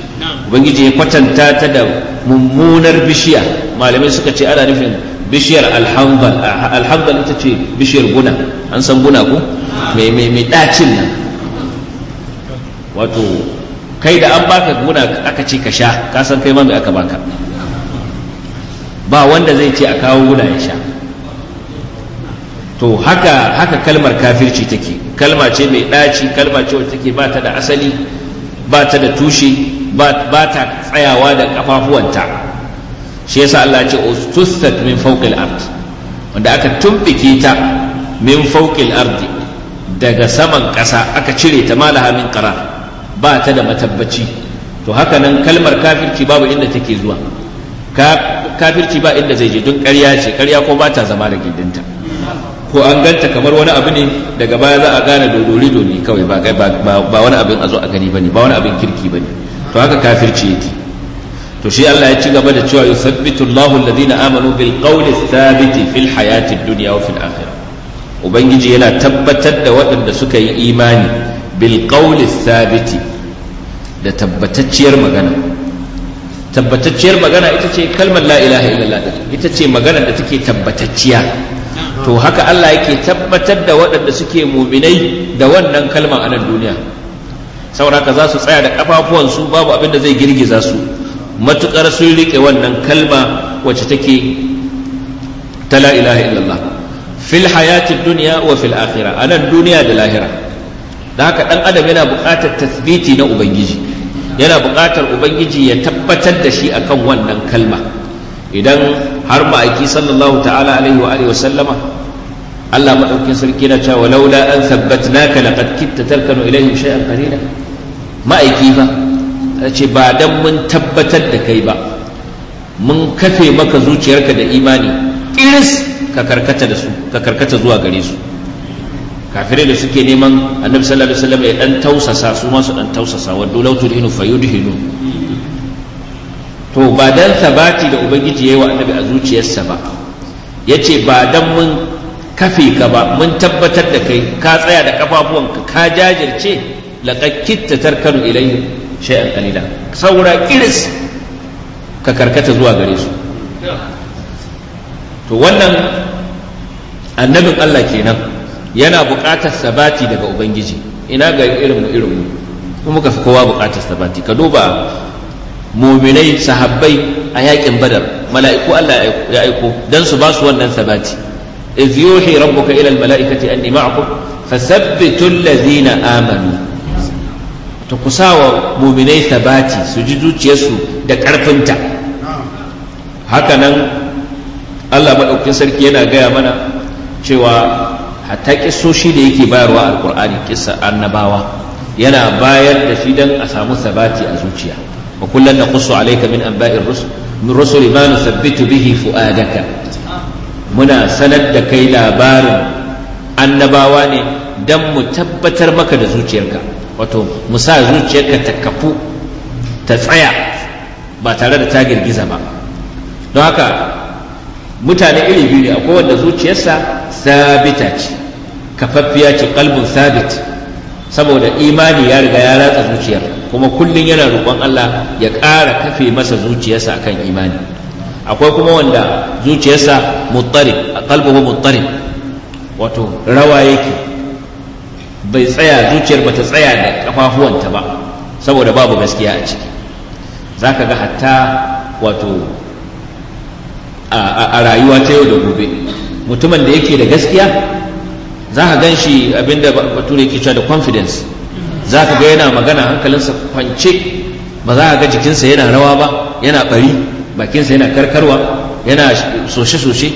ubangiji ya kwatanta ta da mummunar bishiya malamai suka ce ana nufin bishiyar alhambal ita ce bishiyar guna an san guna ku mai mai dacin nan wato kai da an baka guna aka ce ka sha ka san kai ma mai aka baka ba wanda zai ce a kawo guna ya sha to haka haka kalmar kafirci take kalma ce mai ɗaci kalma ce wacce take ba ta da asali ba ta da tushe ba ta tsayawa da ƙafafuwanta shi yasa Allah ya ce ustusat min fawqil ard wanda aka tumbike ta min fawqil ard daga saman ƙasa aka cire ta malaha min qara ba ta da matabbaci to haka nan kalmar kafirci babu inda take zuwa kafirci ba inda zai je don ƙarya ce ƙarya ko ba ta zama da gindinta ko an ganta kamar wani abu ne daga baya za a gane dodori doni kawai ba wani abin a zo a gani bane ba wani abin kirki bane to haka kafirci yake to shi Allah ya ci gaba da cewa yusabbitu Allahu alladhina amanu bil qawli thabiti fil hayati dunya wa fil akhirah ubangiji yana tabbatar da waɗanda suka yi imani bil qawli thabiti da tabbatacciyar magana tabbatacciyar magana ita ce kalmar la ilaha illallah ita ce magana da take tabbatacciya to haka Allah yake tabbatar da waɗanda suke muminai da wannan kalma a nan duniya saboda za su tsaya da ƙafafuwansu babu abin da zai girgiza su matukar sun rike wannan kalma wacce take ta la ilaha illallah fil hayati dunya wa fil akhirah duniya da lahira da haka dan adam yana buƙatar tasbiti na ubangiji yana buƙatar ubangiji ya tabbatar da shi akan wannan kalma idan har ma'aiki sallallahu ta'ala alaihi wa alihi wa sallama Allah madaukin sarki na cewa laula an thabbatnaka laqad kitta tarkanu ilaihim shay'an qalila ma'aiki fa ce ba dan mun tabbatar da kai ba mun kafe maka zuciyarka da imani iris ka karkata da su ka karkata zuwa gare su kafirai da suke neman annabi sallallahu alaihi wasallam ya dan tausasa su ma su dan tausasa wa dulau tudhinu fayudhinu to ba dan sabati da ubangiji yayi wa annabi a zuciyarsa ba yace ba dan mun kafe ka ba mun tabbatar da kai ka tsaya da kafafuwanka ka jajirce laqad kitta tarkanu ilayhim shay'an alila. saura iris ka karkata zuwa gare su to wannan annabin Allah kenan yana buƙatar sabati daga ubangiji ina ga irin mu irin mu kuma muka fi kowa buƙatar sabati ka duba muminai sahabbai a yakin badar mala'iku Allah ya aiko dan su ba su wannan sabati iz yuhi rabbuka ila al mala'ikati anni ma'akum fasabbitu alladhina amanu ta kusawa muminai sabati su ji zuciyarsu da ƙarfinta haka nan allah maɗaukin sarki yana gaya mana cewa hatta kisoshi da yake bayarwa alkur'ani kisa annabawa yana bayar da shi dan a samu sabati a zuciya wa kullun naqussu alaika min anba'ir rusul min rusul ma nusabbitu bihi fuadaka muna sanar da kai labarin annabawa ne dan mu tabbatar maka da zuciyarka wato musa zuciyarka ta kafu ta tsaya ba tare da ta girgiza ba don haka mutane iri biyu ne akwai wanda zuciyarsa sabita ce kafaffiya ce kalbin sabit saboda imani ya riga ya ratsa zuciyar kuma kullum yana roƙon Allah ya ƙara kafe masa zuciyarsa akan imani akwai kuma wanda zuciyarsa muttari kalbin muttari wato rawa yake bai tsaya zuciyar ba ta tsaya da kafafuwanta ba saboda babu gaskiya a ciki za ka ga hatta wato a rayuwa ta yau da gobe mutumin da yake da gaskiya za ka gan shi abinda bature ke cewa da confidence za ka ga yana magana hankalinsa kwance ba za ka ga jikinsa yana rawa ba yana bari bakinsa yana karkarwa yana soshe-soshe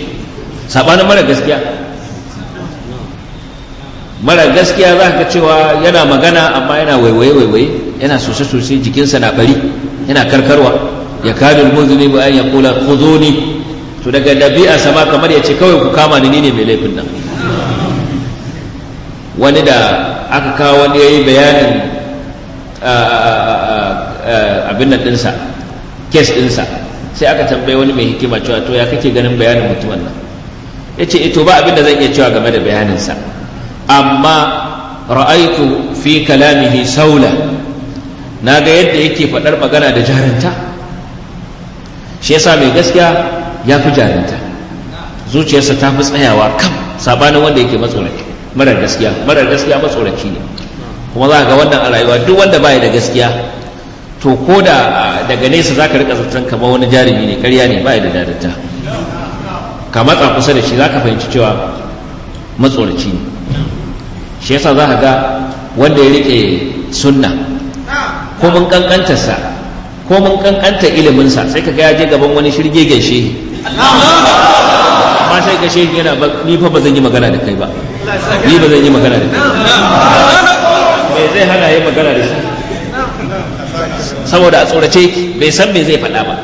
saɓanin mara gaskiya mara gaskiya za ka cewa yana magana amma yana waiwaye waiwaye yana sosai sosai jikinsa na bari yana karkarwa ya kadul muzuni ba an ya kula khuduni to daga dabi'a sama kamar ya ce kawai ku kama ni ne mai laifin nan wani da aka kawo wani yayi bayanin abin nan dinsa kes dinsa sai aka tambaye wani mai hikima cewa to ya kake ganin bayanin mutumin nan yace ce eh, to ba abin da zan iya cewa game da bayaninsa sa amma ra'aitu fi kalamihi saula na ga yadda yake faɗar magana da jarinta shi yasa mai gaskiya ya fi jarinta zuciyarsa ta fi tsayawa kam sabanin wanda yake matsoraki marar gaskiya marar gaskiya matsoraci ne kuma za ga wannan a rayuwa duk wanda baya da gaskiya to ko da daga nesa zaka rika zaton kamar wani jarumi ne ƙarya ne baya da jarinta ka matsa kusa da shi zaka fahimci cewa matsoraci ne shi yasa za a ga wanda ya rike sunna ko mun sa ko mun kankanta iliminsa sai ka ya je gaban wani shirge gaishe
amma
sai ka shehi yana ba ni fa ba zan yi magana da kai ba ni ba zan yi magana da kai me zai hana yi magana da shi saboda a tsorace bai san me zai faɗa ba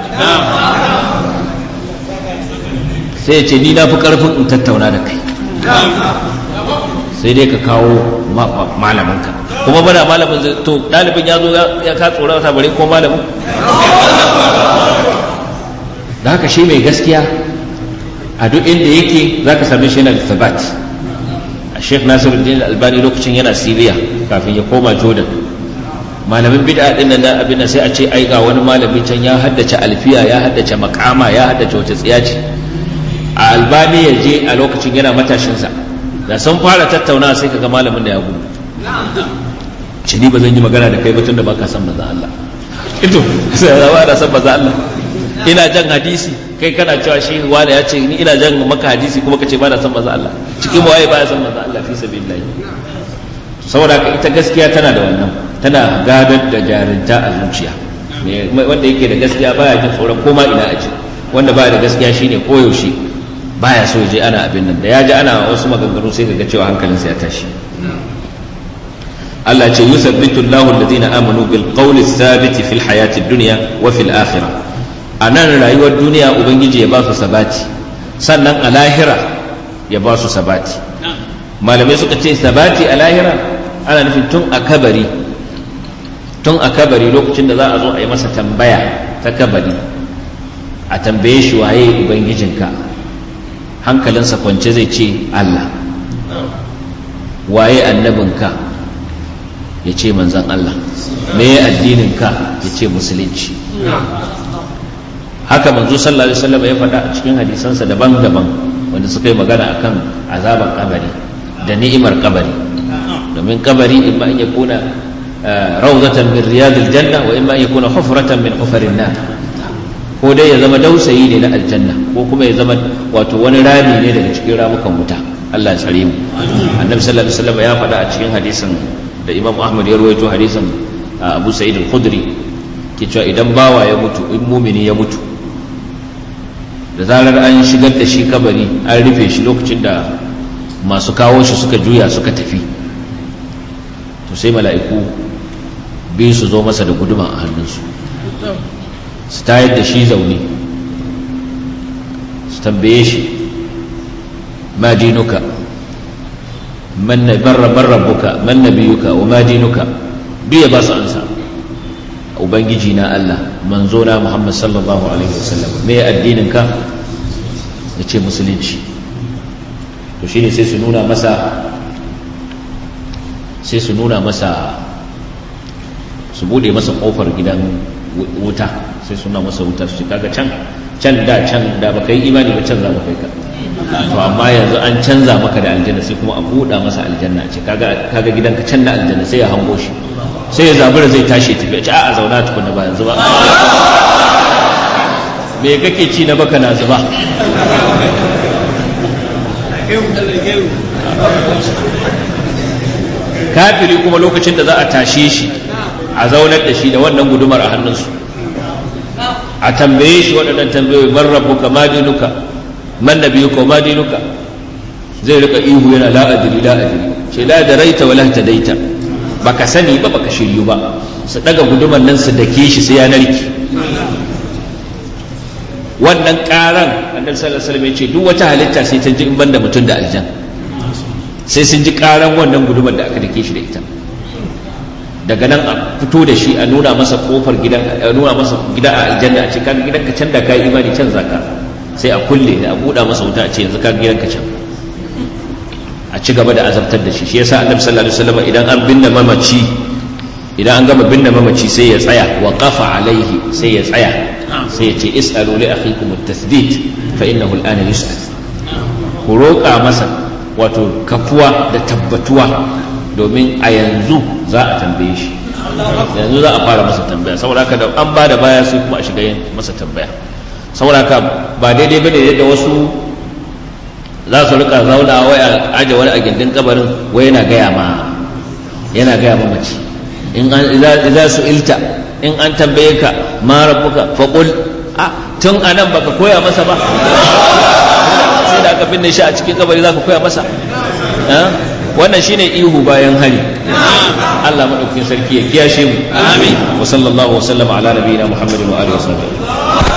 sai ya ce ni na fi ƙarfin in tattauna da kai sai dai ka kawo malaminka kuma bada malamin zai to ɗalibin ya zo ya ka tsoron sa bare ko malamin da haka shi mai gaskiya a duk inda yake za ka same shi yana da sabat a sheikh nasiruddin albani lokacin yana siriya kafin ya koma jordan malamin bid'a din nan abin sai a ce ai ga wani malami can ya haddace alfiya ya haddace makama ya haddace wata tsiyaci a albani ya je a lokacin yana matashinsa da sun fara tattauna sai kaga malamin da ya gudu ci ni ba zan yi magana da kai ba tunda baka san maza Allah ito sai ya ba da san maza Allah ina jan hadisi kai kana cewa shi wala ya ce ni ina jan maka hadisi kuma kace ba da san maza Allah cikin waye ba ya san maza Allah fi sabilillah saboda ita gaskiya tana da wannan tana gadar da jarinta a zuciya wanda yake da gaskiya baya jin tsoron koma ina aji wanda baya da gaskiya shine koyaushe baya so je ana abin nan da ya ji ana wasu maganganu sai ga cewa hankalinsa ya tashi Allah ce yusabbitu Allahu alladhina amanu bil qawli sabiti fil hayati dunya wa fil akhirah anan rayuwar duniya ubangiji ya ba su sabati sannan a lahira ya ba su sabati malamai suka ce sabati a lahira ana nufin tun a kabari tun a kabari lokacin da za a zo a yi masa tambaya ta kabari a tambaye shi waye ubangijinka hankalinsa kwance zai ce Allah waye annabinka ya ce manzan Allah meye addininka ya ce musulunci haka manzo sallallahu alaihi wasallam ya faɗa a cikin hadisansa daban-daban wanda suka yi magana akan azabar kabari da ni'imar kabari domin kabari in ma ya kuna eh, rawdatan min riyadil janna wa in ma ya kuna hufratan min hufarin nar ko dai ya zama dausayi ne na aljanna ko kuma ya zama wato wani rami ne daga cikin ramukan wuta Allah ya tsare mu annabi sallallahu alaihi wasallam ya faɗa a cikin hadisin da Imam Ahmad ya rawaito hadisin Abu Sa'id al-Khudri ke cewa idan bawa ya mutu in mumini ya mutu da zarar an shigar da shi kabari an rufe shi lokacin da masu kawo shi suka juya suka tafi to sai mala'iku bi su zo masa da guduma a hannunsu su tayar da shi zaune su tambaye shi ma dinuka man rabbuka man nabiyuka wa ma dinuka biya ya ba su ansa ubangiji na Allah manzo na Muhammad sallallahu alaihi wasallam me addinin ka yace musulunci to shine sai su nuna masa sai su nuna masa su bude masa kofar gidan wuta sai suna masa wuta su kaga can can da can da baka yi imani ba can za ba kai ka to amma yanzu an canza maka da aljanna sai kuma a buɗa masa aljanna ce kaga kaga gidanka can da aljanna sai ya hango shi sai ya zabura zai tashi tafi a ci a'a zauna tukunna ba yanzu ba me kake ci na baka na zuba kafiri kuma lokacin da za a tashe shi a zaunar da shi da wannan gudumar a hannunsu a tambaye shi waɗannan tambayoyi man ka ma dinuka man na biyu nabiyuka ma dinuka zai rika ihu yana la'adiri la'adiri ce la raita wa daita ba ka sani ba ba ka shiryu ba su ɗaga gudumar nan su dake shi sai ya narki wannan ƙaran a sallallahu sallar wasallam ya ce duk wata halitta sai ta ji in banda mutum da aljan sai sun ji ƙaran wannan gudumar da aka dake shi da ita daga nan a fito da shi a nuna masa kofar gidan a nuna masa gida a aljanna a ce kaga ka can da kai imani can zaka sai a kulle da a buɗa masa wuta a ce yanzu kaga ka can a ci gaba da azabtar da shi shi yasa annabi sallallahu alaihi wasallam idan an binne mamaci idan an gama binne mamaci sai ya tsaya wa qafa alaihi sai ya tsaya sai ya ce is'alu li akhikum at-tasdid fa innahu al-ana yus'al ku roƙa masa wato kafuwa da tabbatuwa domin a yanzu za a tambaye shi yanzu za a fara masa tambaya saboda haka da an ba da baya sai kuma a shiga yin masa tambaya saboda haka ba daidai bane yadda wasu za su rika zauna wai a aje wani a gindin kabarin wai yana gaya ma yana gaya ma mace in an za su ilta in an tambaye ka ma rabbuka qul a tun anan baka koya masa ba sai da aka binne shi a cikin kabari za ka koya masa eh? wannan shine ihu bayan hari Allah madaukakin sarki ya kiyashe mu
amin wa sallallahu wa sallama ala nabiyina muhammadin wa alihi wa sahbihi